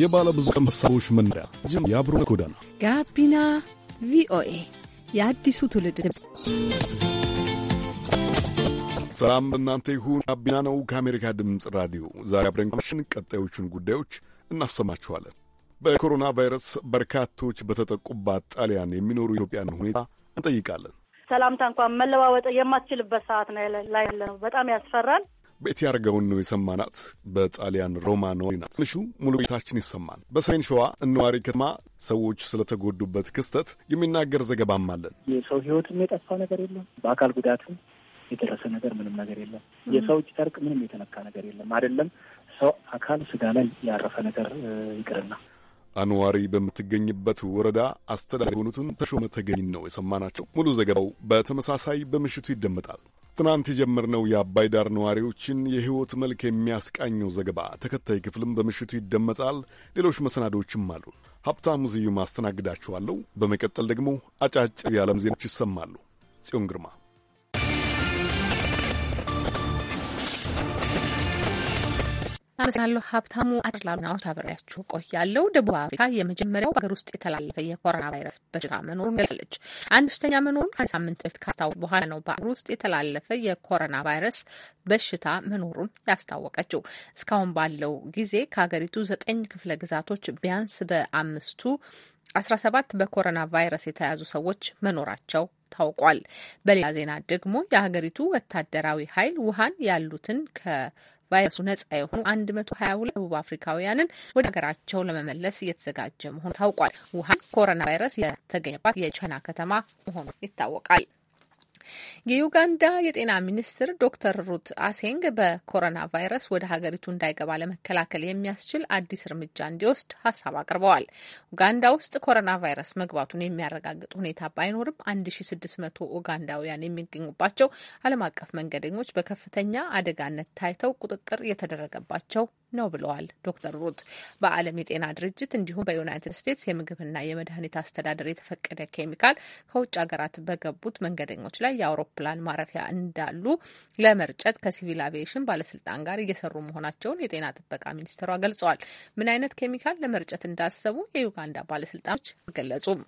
የባለ ብዙ ቀለም ሀሳቦች መናሪያ ጅም የአብሮነት ጎዳና ጋቢና ቪኦኤ የአዲሱ ትውልድ ድምፅ። ሰላም እናንተ ይሁን። ጋቢና ነው ከአሜሪካ ድምፅ ራዲዮ። ዛሬ አብረን ቆይተን ቀጣዮቹን ጉዳዮች እናሰማችኋለን። በኮሮና ቫይረስ በርካቶች በተጠቁባት ጣሊያን የሚኖሩ ኢትዮጵያን ሁኔታ እንጠይቃለን። ሰላምታ እንኳን መለዋወጥ የማትችልበት ሰዓት ላይ ያለ ነው። በጣም ያስፈራል። ቤት ያደርገውን ነው የሰማናት። በጣሊያን ሮማ ነዋሪ ናት። ትንሹ ሙሉ ቤታችን ይሰማል። በሰሜን ሸዋ እነዋሪ ከተማ ሰዎች ስለተጎዱበት ክስተት የሚናገር ዘገባም አለን። የሰው ህይወትም የጠፋ ነገር የለም። በአካል ጉዳትም የደረሰ ነገር ምንም ነገር የለም። የሰው እጅ ጨርቅ ምንም የተነካ ነገር የለም። አይደለም ሰው አካል ስጋ ላይ ያረፈ ነገር ይቅርና አንዋሪ በምትገኝበት ወረዳ አስተዳዳሪ የሆኑትን ተሾመ ተገኝ ነው የሰማናቸው። ሙሉ ዘገባው በተመሳሳይ በምሽቱ ይደመጣል። ትናንት የጀመርነው የአባይ ዳር ነዋሪዎችን የሕይወት መልክ የሚያስቃኘው ዘገባ ተከታይ ክፍልም በምሽቱ ይደመጣል። ሌሎች መሰናዶዎችም አሉ። ሀብታሙ ዝዩ ማስተናግዳችኋለሁ። በመቀጠል ደግሞ አጫጭር የዓለም ዜናዎች ይሰማሉ። ጽዮን ግርማ አመሰግናለሁ ሀብታሙ። አጠርላሉ ናዎች አብሬያችሁ ቆያለሁ። ደቡብ አፍሪካ የመጀመሪያው በሀገር ውስጥ የተላለፈ የኮሮና ቫይረስ በሽታ መኖሩን ገልጻለች። አንድ በሽተኛ መኖሩን ከአንድ ሳምንት በፊት ካስታወቀ በኋላ ነው በአገር ውስጥ የተላለፈ የኮሮና ቫይረስ በሽታ መኖሩን ያስታወቀችው። እስካሁን ባለው ጊዜ ከሀገሪቱ ዘጠኝ ክፍለ ግዛቶች ቢያንስ በአምስቱ አስራ ሰባት በኮሮና ቫይረስ የተያዙ ሰዎች መኖራቸው ታውቋል። በሌላ ዜና ደግሞ የሀገሪቱ ወታደራዊ ኃይል ውሃን ያሉትን ከ ቫይረሱ ነጻ የሆኑ 122 ደቡብ አፍሪካውያንን ወደ ሀገራቸው ለመመለስ እየተዘጋጀ መሆኑ ታውቋል። ውሃን ኮሮና ቫይረስ የተገኘባት የቻይና ከተማ መሆኑ ይታወቃል። የዩጋንዳ የጤና ሚኒስትር ዶክተር ሩት አሴንግ በኮሮና ቫይረስ ወደ ሀገሪቱ እንዳይገባ ለመከላከል የሚያስችል አዲስ እርምጃ እንዲወስድ ሀሳብ አቅርበዋል። ኡጋንዳ ውስጥ ኮሮና ቫይረስ መግባቱን የሚያረጋግጥ ሁኔታ ባይኖርም 1600 ኡጋንዳውያን የሚገኙባቸው ዓለም አቀፍ መንገደኞች በከፍተኛ አደጋነት ታይተው ቁጥጥር የተደረገባቸው ነው ብለዋል ዶክተር ሩት። በዓለም የጤና ድርጅት እንዲሁም በዩናይትድ ስቴትስ የምግብና የመድኃኒት አስተዳደር የተፈቀደ ኬሚካል ከውጭ ሀገራት በገቡት መንገደኞች ላይ የአውሮፕላን ማረፊያ እንዳሉ ለመርጨት ከሲቪል አቪዬሽን ባለስልጣን ጋር እየሰሩ መሆናቸውን የጤና ጥበቃ ሚኒስትሯ ገልጸዋል። ምን አይነት ኬሚካል ለመርጨት እንዳሰቡ የዩጋንዳ ባለስልጣኖች አልገለጹም።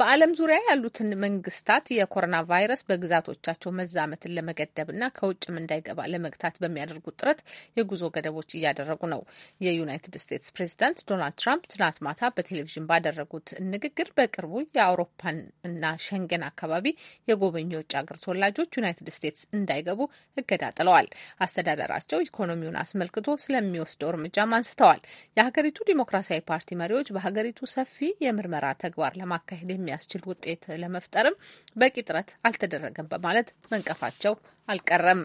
በዓለም ዙሪያ ያሉትን መንግስታት የኮሮና ቫይረስ በግዛቶቻቸው መዛመትን ለመገደብና ከውጭም እንዳይገባ ለመግታት በሚያደርጉት ጥረት የጉዞ ገደቦች እያደረጉ ነው። የዩናይትድ ስቴትስ ፕሬዚዳንት ዶናልድ ትራምፕ ትናንት ማታ በቴሌቪዥን ባደረጉት ንግግር በቅርቡ የአውሮፓን እና ሸንገን አካባቢ የጎበኙ የውጭ ሀገር ተወላጆች ዩናይትድ ስቴትስ እንዳይገቡ እገዳ ጥለዋል። አስተዳደራቸው ኢኮኖሚውን አስመልክቶ ስለሚወስደው እርምጃም አንስተዋል። የሀገሪቱ ዲሞክራሲያዊ ፓርቲ መሪዎች በሀገሪቱ ሰፊ የምርመራ ተግባር ለማ ለማካሄድ የሚያስችል ውጤት ለመፍጠርም በቂ ጥረት አልተደረገም በማለት መንቀፋቸው አልቀረም።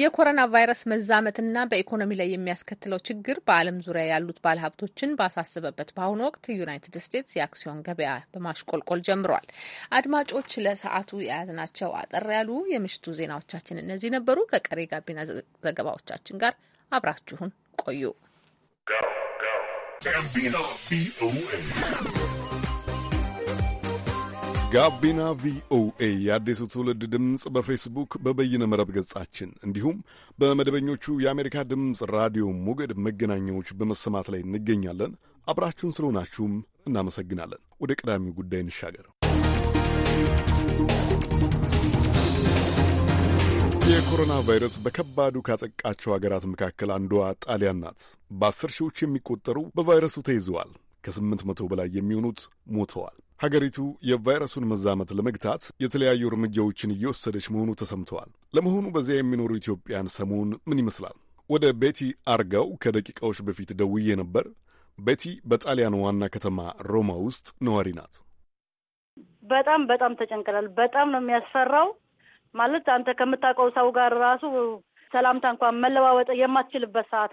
የኮሮና ቫይረስ መዛመትና በኢኮኖሚ ላይ የሚያስከትለው ችግር በዓለም ዙሪያ ያሉት ባለሀብቶችን ባሳሰበበት በአሁኑ ወቅት ዩናይትድ ስቴትስ የአክሲዮን ገበያ በማሽቆልቆል ጀምሯል። አድማጮች፣ ለሰዓቱ የያዝናቸው አጠር ያሉ የምሽቱ ዜናዎቻችን እነዚህ ነበሩ። ከቀሪ ጋቢና ዘገባዎቻችን ጋር አብራችሁን ቆዩ። ጋቢና ቪኦኤ የአዲሱ ትውልድ ድምፅ በፌስቡክ በበይነ መረብ ገጻችን እንዲሁም በመደበኞቹ የአሜሪካ ድምፅ ራዲዮ ሞገድ መገናኛዎች በመሰማት ላይ እንገኛለን። አብራችሁን ስለሆናችሁም እናመሰግናለን። ወደ ቀዳሚው ጉዳይ እንሻገር። የኮሮና ቫይረስ በከባዱ ካጠቃቸው ሀገራት መካከል አንዷ ጣሊያን ናት። በአስር ሺዎች የሚቆጠሩ በቫይረሱ ተይዘዋል። ከስምንት መቶ በላይ የሚሆኑት ሞተዋል። ሀገሪቱ የቫይረሱን መዛመት ለመግታት የተለያዩ እርምጃዎችን እየወሰደች መሆኑ ተሰምተዋል። ለመሆኑ በዚያ የሚኖሩ ኢትዮጵያን ሰሞን ምን ይመስላል? ወደ ቤቲ አርጋው ከደቂቃዎች በፊት ደውዬ ነበር። ቤቲ በጣሊያን ዋና ከተማ ሮማ ውስጥ ነዋሪ ናት። በጣም በጣም ተጨንቅላል በጣም ነው የሚያስፈራው። ማለት አንተ ከምታውቀው ሰው ጋር ራሱ ሰላምታ እንኳን መለዋወጥ የማትችልበት ሰዓት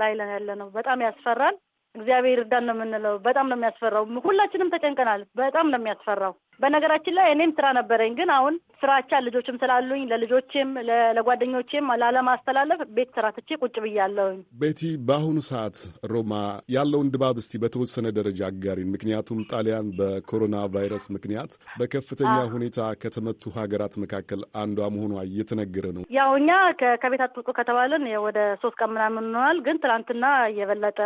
ላይ ያለ ነው። በጣም ያስፈራል። እግዚአብሔር እርዳን ነው የምንለው። በጣም ነው የሚያስፈራው። ሁላችንም ተጨንቀናል። በጣም ነው የሚያስፈራው። በነገራችን ላይ እኔም ስራ ነበረኝ፣ ግን አሁን ስራቻ ልጆችም ስላሉኝ ለልጆችም ለጓደኞችም ላለማስተላለፍ ቤት ስራ ትቼ ቁጭ ብያለሁኝ። ቤቲ፣ በአሁኑ ሰዓት ሮማ ያለውን ድባብ እስቲ በተወሰነ ደረጃ አጋሪን። ምክንያቱም ጣሊያን በኮሮና ቫይረስ ምክንያት በከፍተኛ ሁኔታ ከተመቱ ሀገራት መካከል አንዷ መሆኗ እየተነገረ ነው። ያው እኛ ከቤት አትውጡ ከተባልን ወደ ሶስት ቀን ምናምን ሆኗል። ግን ትናንትና የበለጠ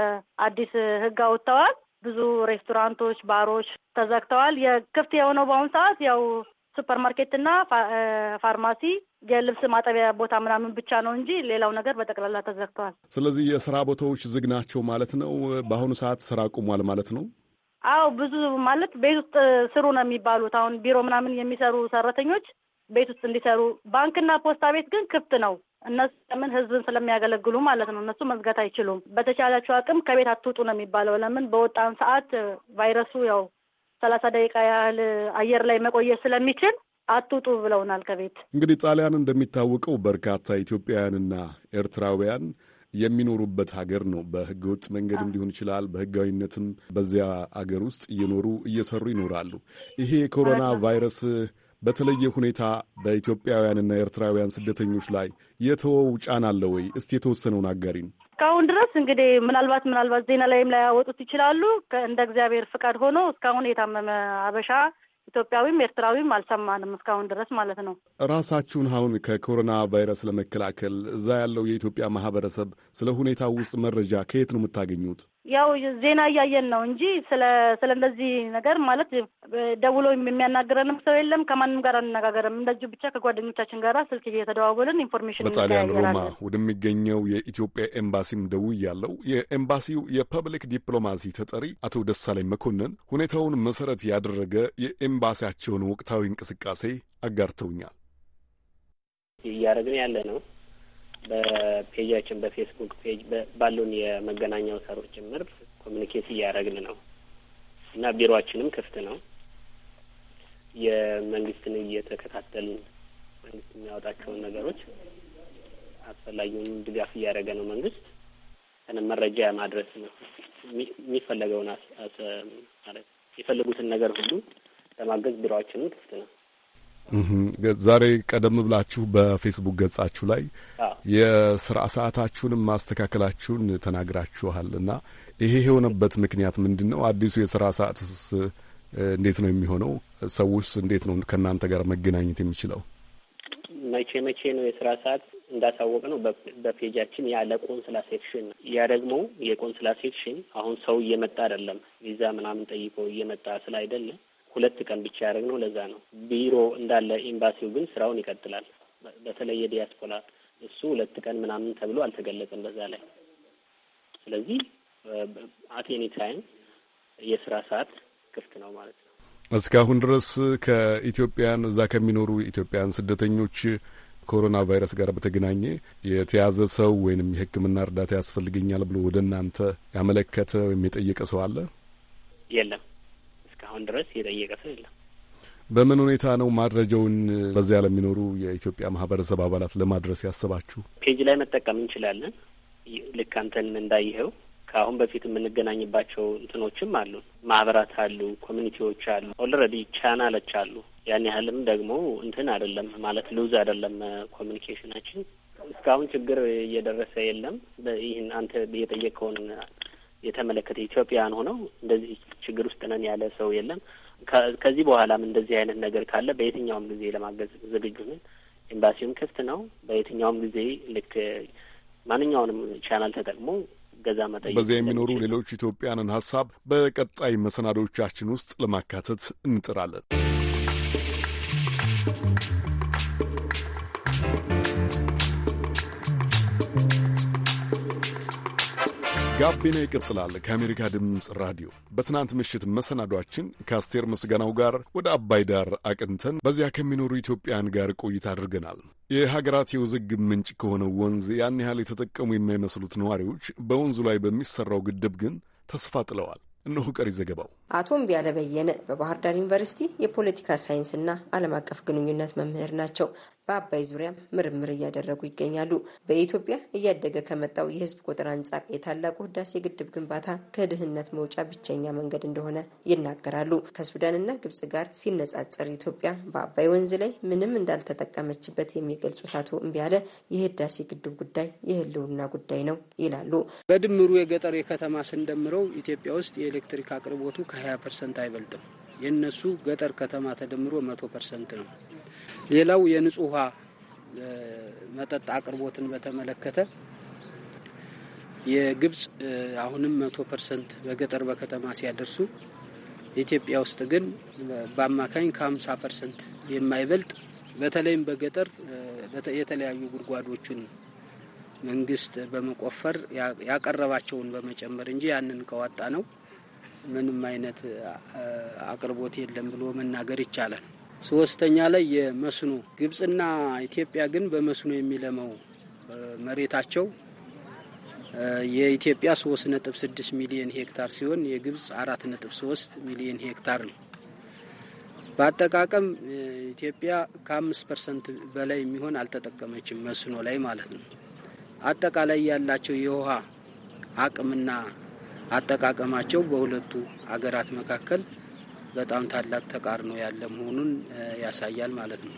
አዲስ ህግ አውጥተዋል። ብዙ ሬስቶራንቶች፣ ባሮች ተዘግተዋል። የክፍት የሆነው በአሁኑ ሰዓት ያው ሱፐር ማርኬት ፋርማሲ፣ የልብስ ማጠቢያ ቦታ ምናምን ብቻ ነው እንጂ ሌላው ነገር በጠቅላላ ተዘግተዋል። ስለዚህ የስራ ቦታዎች ዝግ ናቸው ማለት ነው። በአሁኑ ሰዓት ስራ ቁሟል ማለት ነው። አው ብዙ ማለት ቤት ውስጥ ስሩ ነው የሚባሉት አሁን ቢሮ ምናምን የሚሰሩ ሰራተኞች ቤት ውስጥ እንዲሰሩ፣ ባንክና ፖስታ ቤት ግን ክፍት ነው። እነሱ ለምን ህዝብን ስለሚያገለግሉ ማለት ነው። እነሱ መዝጋት አይችሉም። በተቻላቸው አቅም ከቤት አትውጡ ነው የሚባለው። ለምን በወጣን ሰዓት ቫይረሱ ያው ሰላሳ ደቂቃ ያህል አየር ላይ መቆየት ስለሚችል አትውጡ ብለውናል ከቤት። እንግዲህ ጣሊያን እንደሚታወቀው በርካታ ኢትዮጵያውያንና ኤርትራውያን የሚኖሩበት ሀገር ነው። በህገወጥ መንገድም ሊሆን ይችላል፣ በህጋዊነትም በዚያ አገር ውስጥ እየኖሩ እየሰሩ ይኖራሉ። ይሄ የኮሮና ቫይረስ በተለየ ሁኔታ በኢትዮጵያውያንና ኤርትራውያን ስደተኞች ላይ የተወው ጫና አለ ወይ? እስቲ የተወሰነውን አጋሪን። እስካሁን ድረስ እንግዲህ ምናልባት ምናልባት ዜና ላይም ያወጡት ይችላሉ። እንደ እግዚአብሔር ፍቃድ ሆኖ እስካሁን የታመመ አበሻ ኢትዮጵያዊም ኤርትራዊም አልሰማንም እስካሁን ድረስ ማለት ነው። ራሳችሁን አሁን ከኮሮና ቫይረስ ለመከላከል እዛ ያለው የኢትዮጵያ ማህበረሰብ ስለ ሁኔታው ውስጥ መረጃ ከየት ነው የምታገኙት? ያው ዜና እያየን ነው እንጂ ስለ ስለ እንደዚህ ነገር ማለት ደውሎ የሚያናግረንም ሰው የለም። ከማንም ጋር አነጋገርም እንደዚሁ ብቻ ከጓደኞቻችን ጋር ስልክ እየተደዋወልን ኢንፎርሜሽን በጣሊያን ሮማ ወደሚገኘው የኢትዮጵያ ኤምባሲም ደውያለሁ። የኤምባሲው የፐብሊክ ዲፕሎማሲ ተጠሪ አቶ ደሳለኝ መኮንን ሁኔታውን መሰረት ያደረገ የኤምባሲያቸውን ወቅታዊ እንቅስቃሴ አጋርተውኛል። እያደረግን ያለ ነው በፔጃችን በፌስቡክ ፔጅ ባሉን የመገናኛ አውታሮች ጭምር ኮሚኒኬት እያደረግን ነው እና ቢሮችንም ክፍት ነው። የመንግስትን እየተከታተልን መንግስት የሚያወጣቸውን ነገሮች አስፈላጊውን ድጋፍ እያደረገ ነው መንግስት መረጃ ማድረስ ነው የሚፈለገውን ማለት የፈለጉትን ነገር ሁሉ ለማገዝ ቢሮችንም ክፍት ነው። ዛሬ ቀደም ብላችሁ በፌስቡክ ገጻችሁ ላይ የስራ ሰዓታችሁንም ማስተካከላችሁን ተናግራችኋል እና ይሄ የሆነበት ምክንያት ምንድን ነው? አዲሱ የስራ ሰዓትስ እንዴት ነው የሚሆነው? ሰውስ እንዴት ነው ከእናንተ ጋር መገናኘት የሚችለው? መቼ መቼ ነው የስራ ሰዓት እንዳሳወቅ ነው በፔጃችን ያለ ለቆንስላ ሴክሽን ነው። ያ ደግሞ የቆንስላ ሴክሽን አሁን ሰው እየመጣ አይደለም፣ ቪዛ ምናምን ጠይቆ እየመጣ ስለ አይደለም ሁለት ቀን ብቻ ያደረግነው ለዛ ነው። ቢሮ እንዳለ ኤምባሲው ግን ስራውን ይቀጥላል። በተለይ የዲያስፖራ እሱ ሁለት ቀን ምናምን ተብሎ አልተገለጸም በዛ ላይ። ስለዚህ አት ኤኒ ታይም የስራ ሰዓት ክፍት ነው ማለት ነው። እስካሁን ድረስ ከኢትዮጵያን እዛ ከሚኖሩ ኢትዮጵያን ስደተኞች ኮሮና ቫይረስ ጋር በተገናኘ የተያዘ ሰው ወይንም የሕክምና እርዳታ ያስፈልገኛል ብሎ ወደ እናንተ ያመለከተ ወይም የጠየቀ ሰው አለ? የለም። አሁን ድረስ የጠየቀ ሰው የለም። በምን ሁኔታ ነው ማድረጃውን በዚያ ለሚኖሩ የኢትዮጵያ ማህበረሰብ አባላት ለማድረስ ያስባችሁ? ፔጅ ላይ መጠቀም እንችላለን። ልክ አንተን እንዳይኸው ከአሁን በፊት የምንገናኝባቸው እንትኖችም አሉ፣ ማህበራት አሉ፣ ኮሚኒቲዎች አሉ፣ ኦልረዲ ቻናሎች አሉ። ያን ያህልም ደግሞ እንትን አይደለም ማለት ሉዝ አይደለም ኮሚኒኬሽናችን። እስካሁን ችግር እየደረሰ የለም። ይህን አንተ የጠየቀውን የተመለከተ ኢትዮጵያውያን ሆነው እንደዚህ ችግር ውስጥ ነን ያለ ሰው የለም። ከዚህ በኋላም እንደዚህ አይነት ነገር ካለ በየትኛውም ጊዜ ለማገዝ ዝግጁ ነን። ኤምባሲውም ክፍት ነው። በየትኛውም ጊዜ ልክ ማንኛውንም ቻናል ተጠቅሞ ገዛ መጠየቅ። በዚያ የሚኖሩ ሌሎች ኢትዮጵያንን ሀሳብ በቀጣይ መሰናዶቻችን ውስጥ ለማካተት እንጥራለን። ጋቢና ይቀጥላል። ከአሜሪካ ድምፅ ራዲዮ በትናንት ምሽት መሰናዷችን ከአስቴር ምስጋናው ጋር ወደ አባይ ዳር አቅንተን በዚያ ከሚኖሩ ኢትዮጵያን ጋር ቆይታ አድርገናል። የሀገራት የውዝግብ ምንጭ ከሆነው ወንዝ ያን ያህል የተጠቀሙ የማይመስሉት ነዋሪዎች በወንዙ ላይ በሚሰራው ግድብ ግን ተስፋ ጥለዋል። እነሆ ቀሪ ዘገባው። አቶ እምቢያለ በየነ በባህር ዳር ዩኒቨርሲቲ የፖለቲካ ሳይንስና ዓለም አቀፍ ግንኙነት መምህር ናቸው። በአባይ ዙሪያ ምርምር እያደረጉ ይገኛሉ። በኢትዮጵያ እያደገ ከመጣው የህዝብ ቁጥር አንጻር የታላቁ ህዳሴ ግድብ ግንባታ ከድህነት መውጫ ብቸኛ መንገድ እንደሆነ ይናገራሉ። ከሱዳንና ግብጽ ጋር ሲነጻጸር ኢትዮጵያ በአባይ ወንዝ ላይ ምንም እንዳልተጠቀመችበት የሚገልጹት አቶ እምቢያለ የህዳሴ ግድብ ጉዳይ የህልውና ጉዳይ ነው ይላሉ። በድምሩ የገጠር የከተማ ስንደምረው ኢትዮጵያ ውስጥ የኤሌክትሪክ አቅርቦቱ ከ20 ፐርሰንት አይበልጥም። የእነሱ ገጠር ከተማ ተደምሮ መቶ ፐርሰንት ነው። ሌላው የንጹህ ውሃ መጠጥ አቅርቦትን በተመለከተ የግብጽ አሁንም መቶ ፐርሰንት በገጠር በከተማ ሲያደርሱ ኢትዮጵያ ውስጥ ግን በአማካኝ ከሀምሳ ፐርሰንት የማይበልጥ በተለይም በገጠር የተለያዩ ጉድጓዶችን መንግስት በመቆፈር ያቀረባቸውን በመጨመር እንጂ ያንን ከዋጣ ነው ምንም አይነት አቅርቦት የለም ብሎ መናገር ይቻላል። ሶስተኛ ላይ የመስኖ ግብጽና ኢትዮጵያ ግን በመስኖ የሚለመው መሬታቸው የኢትዮጵያ 3.6 ሚሊዮን ሄክታር ሲሆን የግብጽ 4.3 ሚሊዮን ሄክታር ነው። በአጠቃቀም ኢትዮጵያ ከ5 ፐርሰንት በላይ የሚሆን አልተጠቀመችም መስኖ ላይ ማለት ነው። አጠቃላይ ያላቸው የውሃ አቅምና አጠቃቀማቸው በሁለቱ አገራት መካከል በጣም ታላቅ ተቃርኖ ያለ መሆኑን ያሳያል ማለት ነው።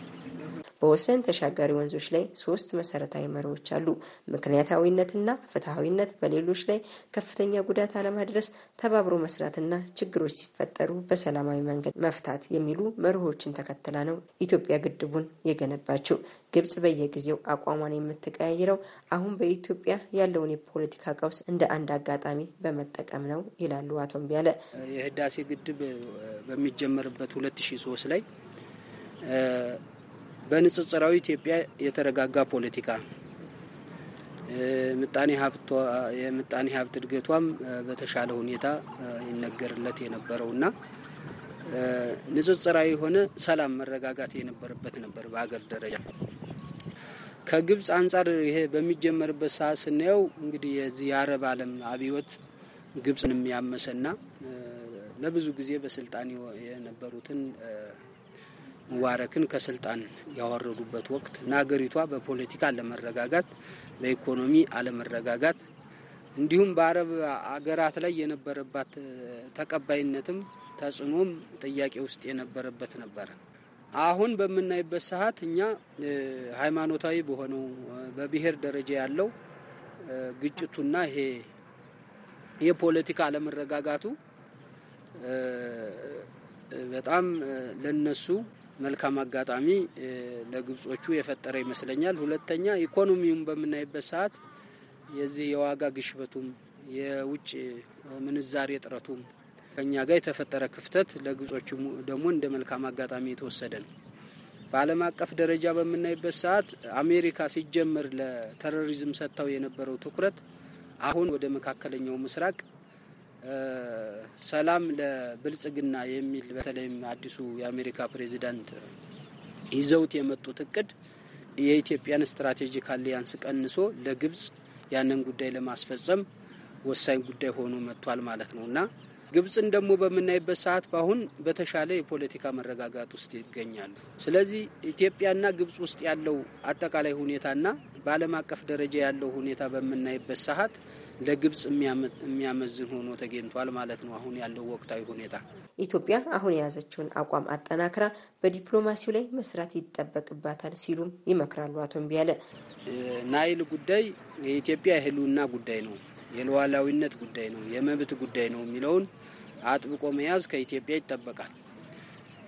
በወሰን ተሻጋሪ ወንዞች ላይ ሶስት መሰረታዊ መርሆዎች አሉ። ምክንያታዊነትና ፍትሐዊነት፣ በሌሎች ላይ ከፍተኛ ጉዳት አለማድረስ፣ ተባብሮ መስራትና ችግሮች ሲፈጠሩ በሰላማዊ መንገድ መፍታት የሚሉ መርሆችን ተከትላ ነው ኢትዮጵያ ግድቡን የገነባችው። ግብጽ በየጊዜው አቋሟን የምትቀያይረው አሁን በኢትዮጵያ ያለውን የፖለቲካ ቀውስ እንደ አንድ አጋጣሚ በመጠቀም ነው ይላሉ አቶ ቢያለ። የህዳሴ ግድብ በሚጀመርበት 2003 ላይ በንጽጽራዊ ኢትዮጵያ የተረጋጋ ፖለቲካ የምጣኔ ሀብት እድገቷም በተሻለ ሁኔታ ይነገርለት የነበረውና ንጽጽራዊ የሆነ ሰላም መረጋጋት የነበረበት ነበር በሀገር ደረጃ። ከግብፅ አንጻር ይሄ በሚጀመርበት ሰዓት ስናየው እንግዲህ የዚህ የአረብ ዓለም አብዮት ግብፅንም ያመሰና ለብዙ ጊዜ በስልጣን የነበሩትን ሙባረክን ከስልጣን ያወረዱበት ወቅት እና ሀገሪቷ በፖለቲካ አለመረጋጋት፣ በኢኮኖሚ አለመረጋጋት እንዲሁም በአረብ አገራት ላይ የነበረባት ተቀባይነትም ተጽዕኖም ጥያቄ ውስጥ የነበረበት ነበር። አሁን በምናይበት ሰዓት እኛ ሃይማኖታዊ በሆነው በብሔር ደረጃ ያለው ግጭቱና ይሄ የፖለቲካ አለመረጋጋቱ በጣም ለነሱ መልካም አጋጣሚ ለግብጾቹ የፈጠረ ይመስለኛል። ሁለተኛ ኢኮኖሚውን በምናይበት ሰዓት የዚህ የዋጋ ግሽበቱም የውጭ ምንዛሬ እጥረቱም ከኛ ጋር የተፈጠረ ክፍተት ለግብጾቹ ደግሞ እንደ መልካም አጋጣሚ የተወሰደ ነው። በዓለም አቀፍ ደረጃ በምናይበት ሰዓት አሜሪካ ሲጀመር ለተሮሪዝም ሰጥተው የነበረው ትኩረት አሁን ወደ መካከለኛው ምስራቅ ሰላም ለብልጽግና የሚል በተለይም አዲሱ የአሜሪካ ፕሬዚዳንት ይዘውት የመጡት እቅድ የኢትዮጵያን ስትራቴጂክ አሊያንስ ቀንሶ ለግብጽ ያንን ጉዳይ ለማስፈጸም ወሳኝ ጉዳይ ሆኖ መጥቷል ማለት ነው እና ግብጽን ደግሞ በምናይበት ሰዓት በአሁን በተሻለ የፖለቲካ መረጋጋት ውስጥ ይገኛሉ። ስለዚህ ኢትዮጵያና ግብጽ ውስጥ ያለው አጠቃላይ ሁኔታና በዓለም አቀፍ ደረጃ ያለው ሁኔታ በምናይበት ሰዓት ለግብጽ የሚያመዝን ሆኖ ተገኝቷል ማለት ነው አሁን ያለው ወቅታዊ ሁኔታ። ኢትዮጵያ አሁን የያዘችውን አቋም አጠናክራ በዲፕሎማሲው ላይ መስራት ይጠበቅባታል ሲሉም ይመክራሉ። አቶ እምቢያለ ናይል ጉዳይ የኢትዮጵያ የህልውና ጉዳይ ነው፣ የሉዓላዊነት ጉዳይ ነው፣ የመብት ጉዳይ ነው የሚለውን አጥብቆ መያዝ ከኢትዮጵያ ይጠበቃል።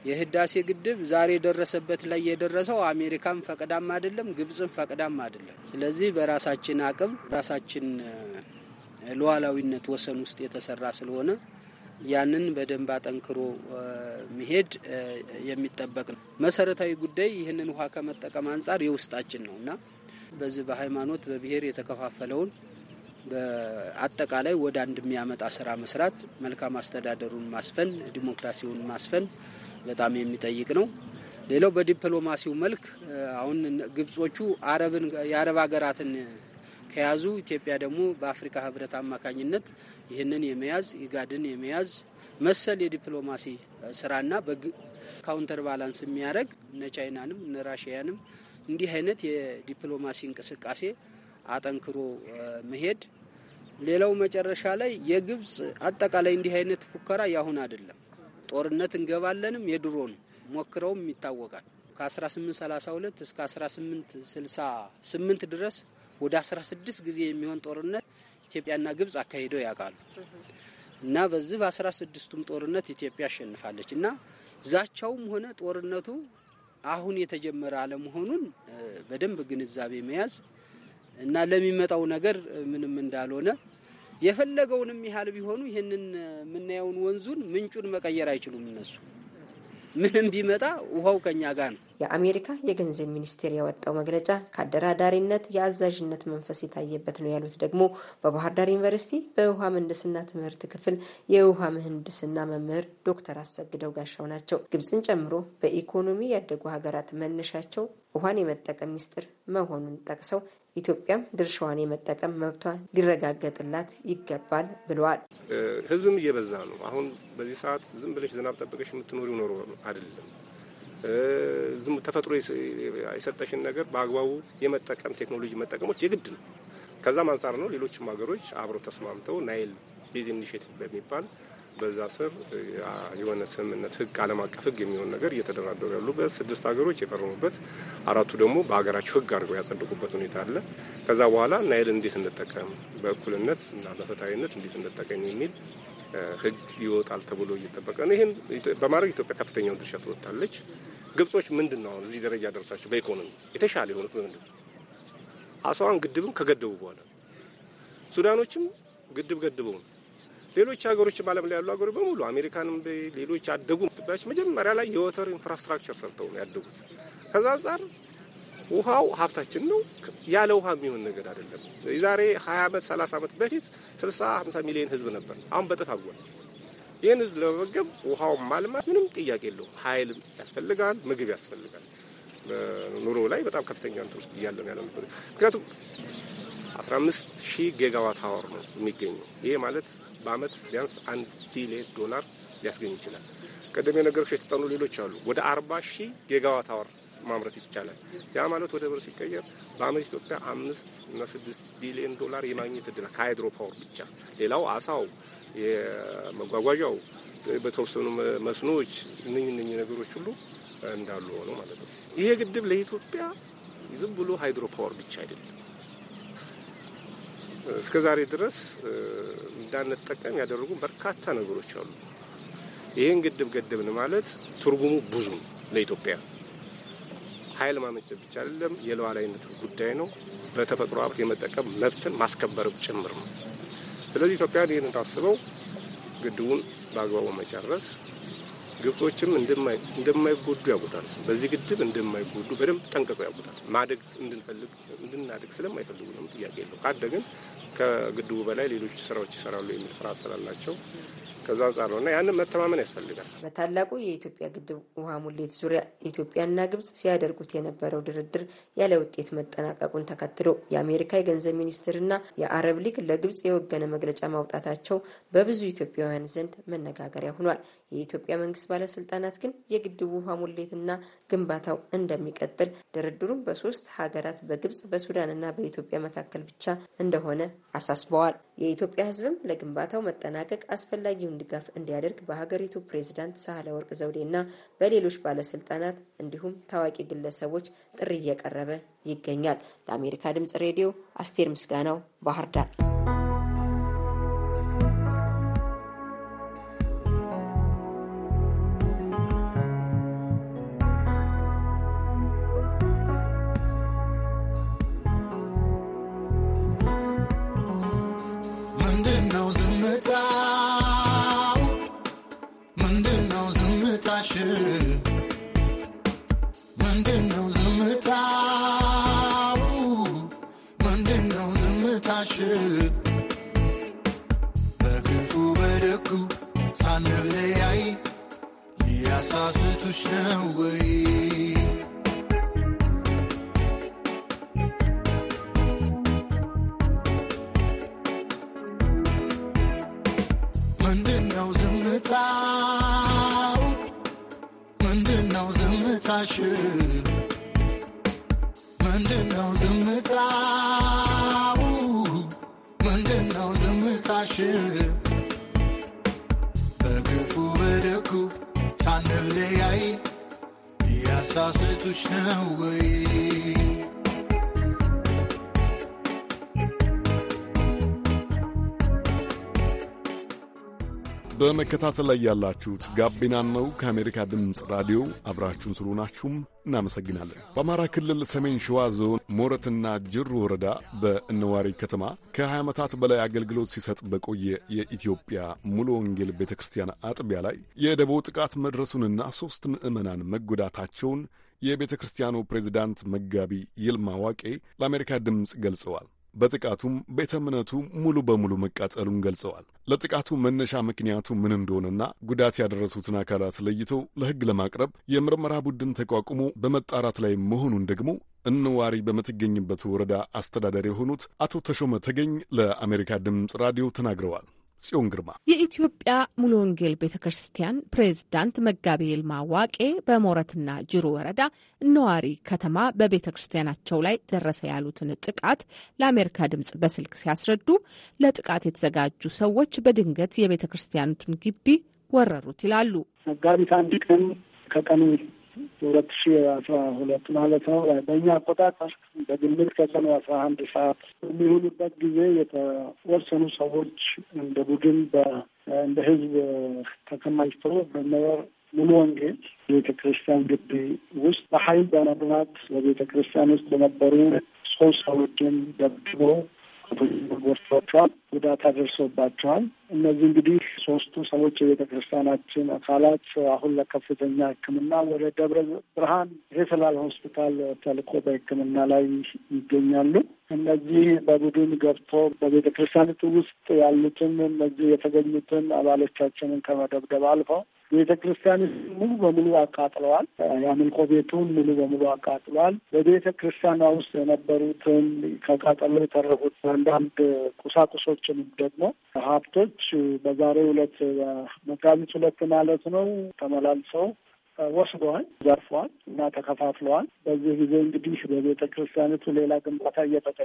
የህዳሴ ግድብ ዛሬ የደረሰበት ላይ የደረሰው አሜሪካም ፈቅዳም አይደለም፣ ግብጽም ፈቅዳም አይደለም። ስለዚህ በራሳችን አቅም ራሳችን ሉዓላዊነት ወሰን ውስጥ የተሰራ ስለሆነ ያንን በደንብ አጠንክሮ መሄድ የሚጠበቅ ነው። መሰረታዊ ጉዳይ ይህንን ውሃ ከመጠቀም አንጻር የውስጣችን ነው እና በዚህ በሃይማኖት በብሔር የተከፋፈለውን በአጠቃላይ ወደ አንድ የሚያመጣ ስራ መስራት፣ መልካም አስተዳደሩን ማስፈን፣ ዲሞክራሲውን ማስፈን በጣም የሚጠይቅ ነው። ሌላው በዲፕሎማሲው መልክ አሁን ግብጾቹ አረብን የአረብ ሀገራትን ከያዙ ኢትዮጵያ ደግሞ በአፍሪካ ህብረት አማካኝነት ይህንን የመያዝ ኢጋድን የመያዝ መሰል የዲፕሎማሲ ስራና በካውንተር ባላንስ የሚያደርግ እነ ቻይናንም እነ ራሽያንም እንዲህ አይነት የዲፕሎማሲ እንቅስቃሴ አጠንክሮ መሄድ። ሌላው መጨረሻ ላይ የግብጽ አጠቃላይ እንዲህ አይነት ፉከራ ያሁን አይደለም። ጦርነት እንገባለንም የድሮን ሞክረውም ይታወቃል። ከ1832 እስከ 1868 ድረስ ወደ 16 ጊዜ የሚሆን ጦርነት ኢትዮጵያና ግብጽ አካሂደው ያውቃሉ እና በዚህ በ16ቱም ጦርነት ኢትዮጵያ አሸንፋለች እና ዛቻውም ሆነ ጦርነቱ አሁን የተጀመረ አለመሆኑን በደንብ ግንዛቤ መያዝ እና ለሚመጣው ነገር ምንም እንዳልሆነ የፈለገውንም ያህል ቢሆኑ ይህንን የምናየውን ወንዙን ምንጩን መቀየር አይችሉም እነሱ ምንም ቢመጣ ውሃው ከኛ ጋር ነው። የአሜሪካ የገንዘብ ሚኒስቴር ያወጣው መግለጫ ከአደራዳሪነት የአዛዥነት መንፈስ የታየበት ነው ያሉት ደግሞ በባህር ዳር ዩኒቨርሲቲ በውሃ ምህንድስና ትምህርት ክፍል የውሃ ምህንድስና መምህር ዶክተር አሰግደው ጋሻው ናቸው። ግብፅን ጨምሮ በኢኮኖሚ ያደጉ ሀገራት መነሻቸው ውሃን የመጠቀም ሚስጥር መሆኑን ጠቅሰው ኢትዮጵያም ድርሻዋን የመጠቀም መብቷ ሊረጋገጥላት ይገባል ብለዋል። ህዝብም እየበዛ ነው። አሁን በዚህ ሰዓት ዝም ብለሽ ዝናብ ጠብቀሽ የምትኖሪ ኖሮ አይደለም። ዝም ተፈጥሮ የሰጠሽን ነገር በአግባቡ የመጠቀም ቴክኖሎጂ መጠቀሞች የግድ ነው። ከዛም አንጻር ነው ሌሎችም ሀገሮች አብረው ተስማምተው ናይል ቤዝ ኢኒሽቲቭ በሚባል በዛ ስር የሆነ ስምምነት ህግ ዓለም አቀፍ ህግ የሚሆን ነገር እየተደራደሩ ያሉበት ስድስት ሀገሮች የፈረሙበት አራቱ ደግሞ በሀገራቸው ህግ አድርገው ያጸድቁበት ሁኔታ አለ። ከዛ በኋላ ናይል እንዴት እንጠቀም በእኩልነት እና በፍትሐዊነት እንዴት እንጠቀም የሚል ህግ ይወጣል ተብሎ እየጠበቀ ነው። ይህን በማድረግ ኢትዮጵያ ከፍተኛውን ድርሻ ትወጥታለች። ግብጾች ምንድን ነው አሁን እዚህ ደረጃ ደርሳቸው በኢኮኖሚ የተሻለ የሆኑት በምንድን ነው? አስዋን ግድብም ከገደቡ በኋላ ሱዳኖችም ግድብ ገድበው ነው ሌሎች ሀገሮች ዓለም ላይ ያሉ ሀገሮች በሙሉ አሜሪካንም ሌሎች ያደጉ ምትባያች መጀመሪያ ላይ የወተር ኢንፍራስትራክቸር ሰርተው ነው ያደጉት። ከዛ አንጻር ውሃው ሀብታችን ነው። ያለ ውሃ የሚሆን ነገር አይደለም። የዛሬ 20 ዓመት 30 ዓመት በፊት 60 50 ሚሊዮን ህዝብ ነበር። አሁን በጥፍ አጓል ይህን ህዝብ ለመመገብ ውሃውን ማልማት ምንም ጥያቄ የለውም። ኃይል ያስፈልጋል፣ ምግብ ያስፈልጋል። ኑሮ ላይ በጣም ከፍተኛ እንትን ውስጥ እያለ ያለ ነበር። ምክንያቱም 15 ሺህ ጌጋዋት አወር ነው የሚገኘው። ይሄ ማለት በአመት ቢያንስ አንድ ቢሊዮን ዶላር ሊያስገኝ ይችላል። ቀደም የነገሮች የተጠኑ ሌሎች አሉ። ወደ አርባ ሺህ ጌጋዋት አወር ማምረት ይቻላል። ያ ማለት ወደ ብር ሲቀየር በአመት ኢትዮጵያ አምስት እና ስድስት ቢሊዮን ዶላር የማግኘት እድል ከሃይድሮ ፓወር ብቻ። ሌላው አሳው፣ የመጓጓዣው፣ በተወሰኑ መስኖዎች እነኝ እነኝ ነገሮች ሁሉ እንዳሉ ሆነው ማለት ነው። ይሄ ግድብ ለኢትዮጵያ ዝም ብሎ ሃይድሮ ፓወር ብቻ አይደለም እስከ ዛሬ ድረስ እንዳንጠቀም ያደረጉ በርካታ ነገሮች አሉ። ይህን ግድብ ገደብን ማለት ትርጉሙ ብዙ ነው። ለኢትዮጵያ ኃይል ማመንጨት ብቻ አይደለም፣ የሉዓላዊነት ጉዳይ ነው። በተፈጥሮ ሀብት የመጠቀም መብትን ማስከበር ጭምር ነው። ስለዚህ ኢትዮጵያን ይህን ታስበው ግድቡን በአግባቡ መጨረስ ግብጾችም እንደማይጎዱ ያውቁታል። በዚህ ግድብ እንደማይጎዱ በደንብ ጠንቅቀው ያውቁታል። ማደግ እንድንፈልግ እንድናደግ ስለማይፈልጉ ነው። ጥያቄ የለው። ካደግን ከግድቡ በላይ ሌሎች ስራዎች ይሰራሉ የሚል ፍርሃት ስላላቸው ከዛ አንጻር ነው እና ያንን መተማመን ያስፈልጋል። በታላቁ የኢትዮጵያ ግድብ ውሃ ሙሌት ዙሪያ ኢትዮጵያና ግብጽ ሲያደርጉት የነበረው ድርድር ያለ ውጤት መጠናቀቁን ተከትሎ የአሜሪካ የገንዘብ ሚኒስትርና የአረብ ሊግ ለግብጽ የወገነ መግለጫ ማውጣታቸው በብዙ ኢትዮጵያውያን ዘንድ መነጋገሪያ ሆኗል። የኢትዮጵያ መንግስት ባለስልጣናት ግን የግድቡ ውሃ ሙሌትና ግንባታው እንደሚቀጥል ድርድሩም በሶስት ሀገራት በግብጽ በሱዳንና በኢትዮጵያ መካከል ብቻ እንደሆነ አሳስበዋል። የኢትዮጵያ ሕዝብም ለግንባታው መጠናቀቅ አስፈላጊውን የገንዘቡን ድጋፍ እንዲያደርግ በሀገሪቱ ፕሬዚዳንት ሳህለ ወርቅ ዘውዴና በሌሎች ባለስልጣናት እንዲሁም ታዋቂ ግለሰቦች ጥሪ እየቀረበ ይገኛል። ለአሜሪካ ድምጽ ሬዲዮ አስቴር ምስጋናው ባህር ዳር። ምንድነው ዝምታሽ? በግፉ በደጉ ሳንለያይ እያሳስቱሽ ነው ወይ? በመከታተል ላይ ያላችሁት ጋቢናን ነው ከአሜሪካ ድምፅ ራዲዮ። አብራችሁን ስለሆናችሁም እናመሰግናለን። በአማራ ክልል ሰሜን ሸዋ ዞን ሞረትና ጅሩ ወረዳ በእነዋሪ ከተማ ከ20 ዓመታት በላይ አገልግሎት ሲሰጥ በቆየ የኢትዮጵያ ሙሉ ወንጌል ቤተ ክርስቲያን አጥቢያ ላይ የደቦ ጥቃት መድረሱንና ሦስት ምዕመናን መጎዳታቸውን የቤተ ክርስቲያኑ ፕሬዚዳንት መጋቢ ይልማ ዋቄ ለአሜሪካ ድምፅ ገልጸዋል። በጥቃቱም ቤተ እምነቱ ሙሉ በሙሉ መቃጠሉን ገልጸዋል። ለጥቃቱ መነሻ ምክንያቱ ምን እንደሆነና ጉዳት ያደረሱትን አካላት ለይቶ ለሕግ ለማቅረብ የምርመራ ቡድን ተቋቁሞ በመጣራት ላይ መሆኑን ደግሞ እነዋሪ በምትገኝበት ወረዳ አስተዳደር የሆኑት አቶ ተሾመ ተገኝ ለአሜሪካ ድምፅ ራዲዮ ተናግረዋል። ጽዮን ግርማ። የኢትዮጵያ ሙሉ ወንጌል ቤተ ክርስቲያን ፕሬዝዳንት መጋቤ ይልማ ዋቄ በሞረትና ጅሩ ወረዳ ነዋሪ ከተማ በቤተ ክርስቲያናቸው ላይ ደረሰ ያሉትን ጥቃት ለአሜሪካ ድምጽ በስልክ ሲያስረዱ ለጥቃት የተዘጋጁ ሰዎች በድንገት የቤተ ክርስቲያኑን ግቢ ወረሩት ይላሉ። መጋቢት አንድ ቀን ከቀኑ ሁለት ሺ አስራ ሁለት ማለት ነው በእኛ አቆጣጠር በግምት ከቀኑ አስራ አንድ ሰዓት የሚሆኑበት ጊዜ የተወሰኑ ሰዎች እንደ ቡድን እንደ ህዝብ ተከማችተው በመወር ሙሉ ወንጌል ቤተ ክርስቲያን ግቢ ውስጥ በሀይል በመግባት በቤተ ክርስቲያን ውስጥ በነበሩ ሶስት ሰዎችን ደብድቦ ጎድቷቸዋል፣ ጉዳት አደርሶባቸዋል። እነዚህ እንግዲህ ሶስቱ ሰዎች የቤተ ክርስቲያናችን አካላት አሁን ለከፍተኛ ሕክምና ወደ ደብረ ብርሃን ሬፈራል ሆስፒታል ተልኮ በሕክምና ላይ ይገኛሉ። እነዚህ በቡድን ገብቶ በቤተ ክርስቲያኒቱ ውስጥ ያሉትን እነዚህ የተገኙትን አባሎቻችንን ከመደብደብ አልፈው ቤተ ክርስቲያን ሙሉ በሙሉ አቃጥለዋል። የአምልኮ ቤቱን ሙሉ በሙሉ አቃጥለዋል። በቤተ ክርስቲያኗ ውስጥ የነበሩትን ከቃጠሎ የተረፉት አንዳንድ ቁሳቁሶችን ደግሞ ሀብቶች በዛሬ ሁለት መጋቢት ሁለት ማለት ነው ተመላልሰው ወስደዋል፣ ዘርፈዋል እና ተከፋፍለዋል። በዚህ ጊዜ እንግዲህ በቤተ ክርስቲያኒቱ ሌላ ግንባታ እየተጠ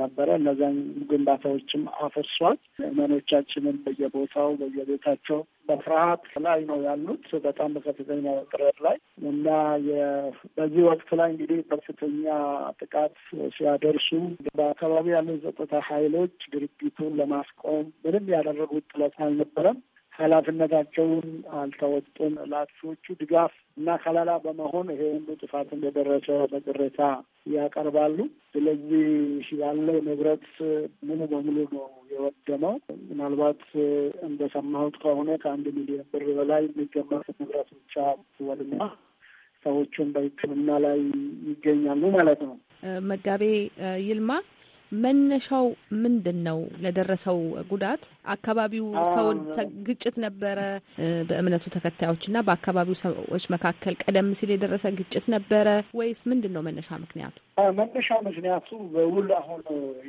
ነበረ። እነዚያን ግንባታዎችም አፈርሷል። መኖቻችንም በየቦታው በየቤታቸው በፍርሃት ላይ ነው ያሉት፣ በጣም በከፍተኛ ጥረት ላይ እና በዚህ ወቅት ላይ እንግዲህ ከፍተኛ ጥቃት ሲያደርሱ በአካባቢ ያሉ የጸጥታ ኃይሎች ድርጊቱን ለማስቆም ምንም ያደረጉት ጥረት አልነበረም። ኃላፊነታቸውን አልተወጡም። ለአጥፊዎቹ ድጋፍ እና ከለላ በመሆን ይሄ ሁሉ ጥፋት እንደደረሰ በቅሬታ ያቀርባሉ። ስለዚህ ያለው ንብረት ሙሉ በሙሉ ነው የወደመው። ምናልባት እንደሰማሁት ከሆነ ከአንድ ሚሊዮን ብር በላይ የሚገመት ንብረት ብቻ ወድማ ሰዎቹን በሕክምና ላይ ይገኛሉ ማለት ነው። መጋቤ ይልማ መነሻው ምንድን ነው? ለደረሰው ጉዳት አካባቢው ሰው ግጭት ነበረ፣ በእምነቱ ተከታዮች እና በአካባቢው ሰዎች መካከል ቀደም ሲል የደረሰ ግጭት ነበረ ወይስ ምንድን ነው መነሻ ምክንያቱ? መነሻ ምክንያቱ በውል አሁን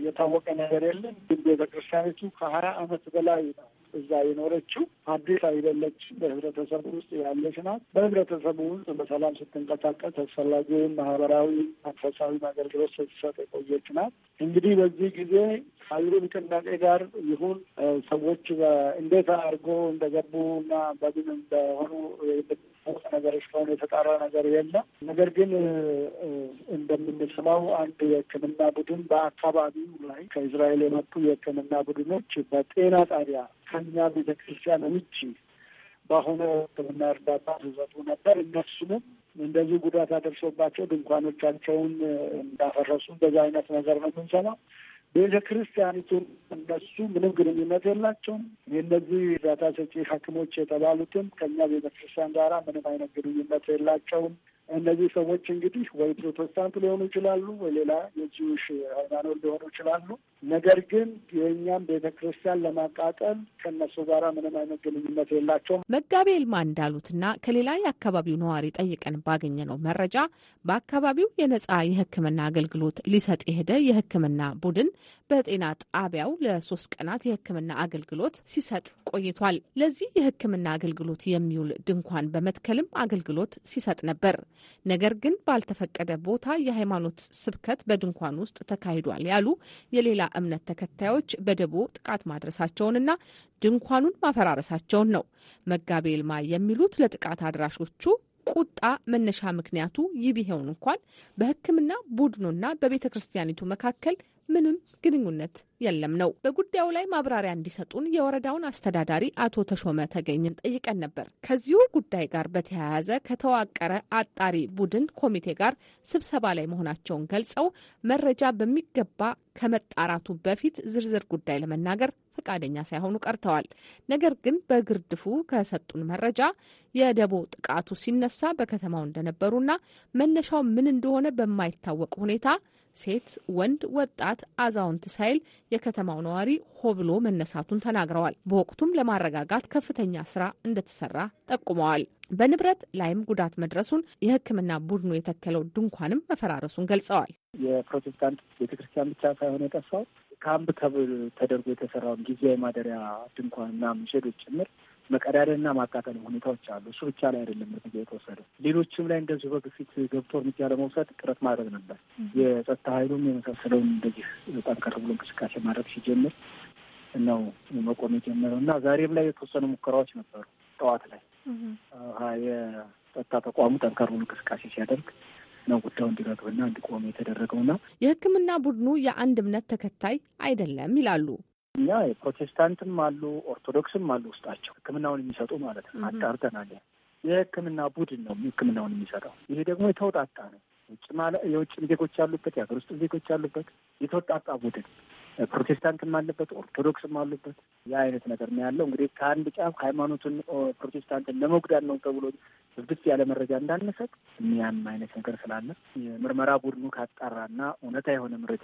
የታወቀ ነገር የለም። ግን ቤተክርስቲያኒቱ ከሀያ አመት በላይ ነው እዛ የኖረችው አዲስ አይደለች። በህብረተሰቡ ውስጥ ያለች ናት። በህብረተሰቡ ውስጥ በሰላም ስትንቀሳቀስ አስፈላጊውን ማህበራዊ፣ መንፈሳዊ አገልግሎት ስትሰጥ የቆየች ናት። እንግዲህ በዚህ ጊዜ ከአይሮ ንቅናቄ ጋር ይሁን ሰዎች እንዴት አድርጎ እንደገቡ እና በምን እንደሆኑ ነገሮች ከሆነ የተጣራ ነገር የለም። ነገር ግን እንደምንሰማው አንድ የሕክምና ቡድን በአካባቢው ላይ ከእስራኤል የመጡ የሕክምና ቡድኖች በጤና ጣቢያ ከኛ ቤተክርስቲያን ውጭ በሆነ ሕክምና እርዳታ ሲሰጡ ነበር። እነሱንም እንደዚህ ጉዳት አደርሶባቸው ድንኳኖቻቸውን እንዳፈረሱ በዛ አይነት ነገር ነው የምንሰማው። ቤተ ክርስቲያኒቱ እነሱ ምንም ግንኙነት የላቸውም። እነዚህ እርዳታ ሰጪ ሐኪሞች የተባሉትም ከኛ ቤተ ክርስቲያን ጋራ ምንም አይነት ግንኙነት የላቸውም። እነዚህ ሰዎች እንግዲህ ወይ ፕሮቴስታንት ሊሆኑ ይችላሉ፣ ወይ ሌላ ሃይማኖት ሊሆኑ ይችላሉ። ነገር ግን የእኛም ቤተ ክርስቲያን ለማቃጠል ከእነሱ ጋራ ምንም አይነት ግንኙነት የላቸውም። መጋቤ ልማ እንዳሉትና ከሌላ የአካባቢው ነዋሪ ጠይቀን ባገኘነው መረጃ በአካባቢው የነጻ የሕክምና አገልግሎት ሊሰጥ የሄደ የሕክምና ቡድን በጤና ጣቢያው ለሶስት ቀናት የሕክምና አገልግሎት ሲሰጥ ቆይቷል። ለዚህ የሕክምና አገልግሎት የሚውል ድንኳን በመትከልም አገልግሎት ሲሰጥ ነበር። ነገር ግን ባልተፈቀደ ቦታ የሃይማኖት ስብከት በድንኳን ውስጥ ተካሂዷል ያሉ የሌላ እምነት ተከታዮች በደቦ ጥቃት ማድረሳቸውንና ድንኳኑን ማፈራረሳቸውን ነው መጋቤ ልማ የሚሉት ለጥቃት አድራሾቹ ቁጣ መነሻ ምክንያቱ ይህ ቢሆን እንኳን በሕክምና ቡድኑና በቤተ ክርስቲያኒቱ መካከል ምንም ግንኙነት የለም ነው። በጉዳዩ ላይ ማብራሪያ እንዲሰጡን የወረዳውን አስተዳዳሪ አቶ ተሾመ ተገኝን ጠይቀን ነበር። ከዚሁ ጉዳይ ጋር በተያያዘ ከተዋቀረ አጣሪ ቡድን ኮሚቴ ጋር ስብሰባ ላይ መሆናቸውን ገልጸው መረጃ በሚገባ ከመጣራቱ በፊት ዝርዝር ጉዳይ ለመናገር ፈቃደኛ ሳይሆኑ ቀርተዋል። ነገር ግን በግርድፉ ከሰጡን መረጃ የደቦ ጥቃቱ ሲነሳ በከተማው እንደነበሩና መነሻው ምን እንደሆነ በማይታወቅ ሁኔታ ሴት፣ ወንድ፣ ወጣት ጥቃት አዛውንት ሳይል የከተማው ነዋሪ ሆ ብሎ መነሳቱን ተናግረዋል። በወቅቱም ለማረጋጋት ከፍተኛ ስራ እንደተሰራ ጠቁመዋል። በንብረት ላይም ጉዳት መድረሱን የሕክምና ቡድኑ የተከለው ድንኳንም መፈራረሱን ገልጸዋል። የፕሮቴስታንት ቤተክርስቲያን ብቻ ሳይሆን የጠፋው ካምፕ ተብል ተደርጎ የተሰራውን ጊዜያዊ ማደሪያ ድንኳን ምናምን ጭምር መቀዳደንና ማቃጠል ሁኔታዎች አሉ። እሱ ብቻ ላይ አይደለም እርምጃ የተወሰደ ሌሎችም ላይ እንደዚሁ በግፊት ገብቶ እርምጃ ለመውሰድ ጥረት ማድረግ ነበር። የጸጥታ ኃይሉም የመሳሰለውን እንደዚህ ጠንከር ብሎ እንቅስቃሴ ማድረግ ሲጀምር ነው መቆም የጀመረው እና ዛሬም ላይ የተወሰኑ ሙከራዎች ነበሩ። ጠዋት ላይ የጸጥታ ተቋሙ ጠንከር ብሎ እንቅስቃሴ ሲያደርግ ነው ጉዳዩ እንዲረግብና እንዲቆም የተደረገውና የሕክምና ቡድኑ የአንድ እምነት ተከታይ አይደለም ይላሉ እኛ የፕሮቴስታንትም አሉ ኦርቶዶክስም አሉ ውስጣቸው ህክምናውን የሚሰጡ ማለት ነው። አጣርተናል። የህክምና ቡድን ነው ህክምናውን የሚሰጠው። ይሄ ደግሞ የተውጣጣ ነው። የውጭ ዜጎች ያሉበት፣ የሀገር ውስጥ ዜጎች ያሉበት የተወጣጣ ቡድን ፕሮቴስታንትም አለበት፣ ኦርቶዶክስም አሉበት። ያ አይነት ነገር ነው ያለው። እንግዲህ ከአንድ ጫፍ ሃይማኖትን ፕሮቴስታንትን ለመጉዳት ነው ተብሎ ስብስብ ያለ መረጃ እንዳንሰጥ እኒያም አይነት ነገር ስላለ የምርመራ ቡድኑ ካጣራና እውነታ የሆነ መረጃ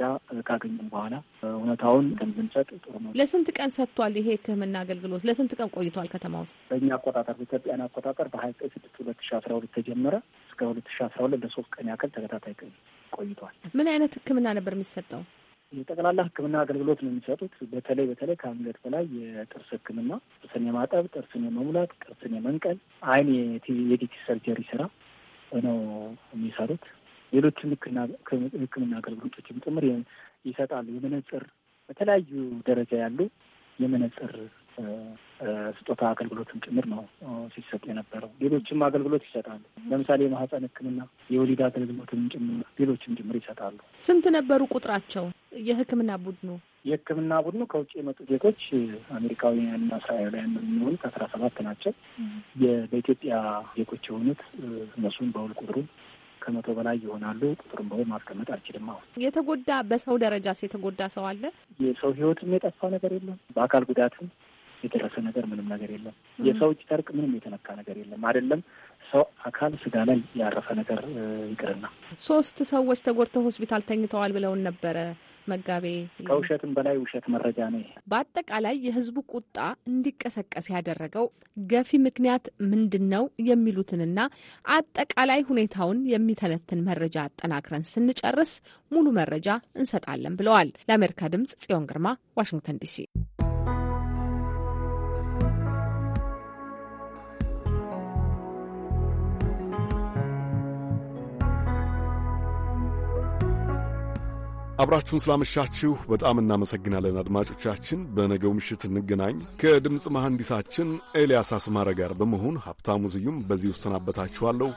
ካገኙ በኋላ እውነታውን ብንሰጥ ጥሩ ነው። ለስንት ቀን ሰጥቷል? ይሄ ሕክምና አገልግሎት ለስንት ቀን ቆይቷል? ከተማ ውስጥ በእኛ አቆጣጠር በኢትዮጵያን አቆጣጠር በሀያ ዘጠኝ ስድስት ሁለት ሺ አስራ ሁለት ተጀመረ እስከ ሁለት ሺ አስራ ሁለት ለሶስት ቀን ያክል ተከታታይ ቀን ቆይቷል። ምን አይነት ሕክምና ነበር የሚሰጠው? ጠቅላላ ሕክምና አገልግሎት ነው የሚሰጡት። በተለይ በተለይ ከአንገት በላይ የጥርስ ሕክምና ጥርስን የማጠብ፣ ጥርስን የመሙላት፣ ጥርስን የመንቀል፣ አይን የቲቲ ሰርጀሪ ስራ ነው የሚሰሩት። ሌሎችም ሕክምና አገልግሎቶችም ጭምር ይሰጣሉ። የመነጽር በተለያዩ ደረጃ ያሉ የመነጽር ስጦታ አገልግሎትም ጭምር ነው ሲሰጥ የነበረው። ሌሎችም አገልግሎት ይሰጣሉ። ለምሳሌ የማህፀን ሕክምና የወሊድ አገልግሎትም ጭምር ሌሎችም ጭምር ይሰጣሉ። ስንት ነበሩ ቁጥራቸው የሕክምና ቡድኑ? የሕክምና ቡድኑ ከውጭ የመጡ ዜጎች አሜሪካውያንና እስራኤላውያን የሚሆኑት አስራ ሰባት ናቸው። በኢትዮጵያ ዜጎች የሆኑት እነሱን በውል ቁጥሩ ከመቶ በላይ ይሆናሉ። ቁጥሩን በውል ማስቀመጥ አልችልም። አሁን የተጎዳ በሰው ደረጃስ የተጎዳ ሰው አለ? የሰው ህይወትም የጠፋ ነገር የለም። በአካል ጉዳትም የደረሰ ነገር ምንም ነገር የለም። የሰው እጅ ጨርቅ ምንም የተነካ ነገር የለም። አይደለም ሰው አካል ስጋ ላይ ያረፈ ነገር ይቅርና ሶስት ሰዎች ተጎድተው ሆስፒታል ተኝተዋል ብለውን ነበረ መጋቤ። ከውሸትም በላይ ውሸት መረጃ ነው። በአጠቃላይ የህዝቡ ቁጣ እንዲቀሰቀስ ያደረገው ገፊ ምክንያት ምንድን ነው የሚሉትንና አጠቃላይ ሁኔታውን የሚተነትን መረጃ አጠናክረን ስንጨርስ ሙሉ መረጃ እንሰጣለን ብለዋል። ለአሜሪካ ድምጽ ጽዮን ግርማ ዋሽንግተን ዲሲ። አብራችሁን ስላመሻችሁ በጣም እናመሰግናለን አድማጮቻችን። በነገው ምሽት እንገናኝ። ከድምፅ መሐንዲሳችን ኤልያስ አስማረ ጋር በመሆን ሀብታሙ ዝዩም በዚህ እሰናበታችኋለሁ።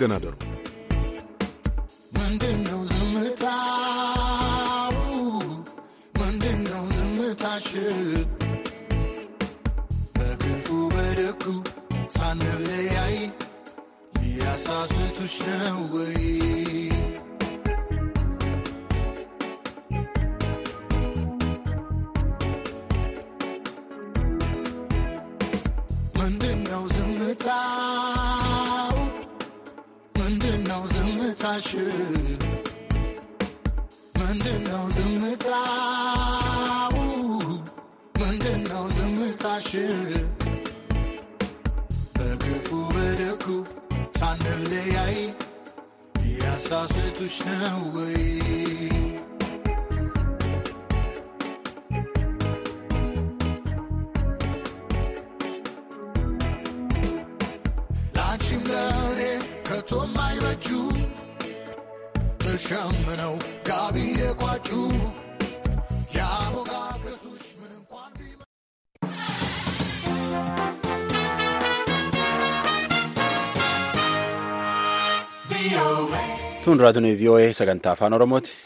ደህና ደሩ። ምንድነው ዝምታው? ምንድነው ዝምታሽ? በክፉ በደጉ ሳንለያይ ሊያሳስቱሽ ነው ወይ? ምንድነው ዝምታው? ምንድነው ዝምታሽ? ምንድነው ዝምታው? ምንድነው ዝምታሽ? በክፉ በደጉ ሳንለያይ ያሳስቱሽ ነው ወይ? ሸምነው ጋቢዬ Tun raadiyoolee VOA sagantaa afaan Oromooti.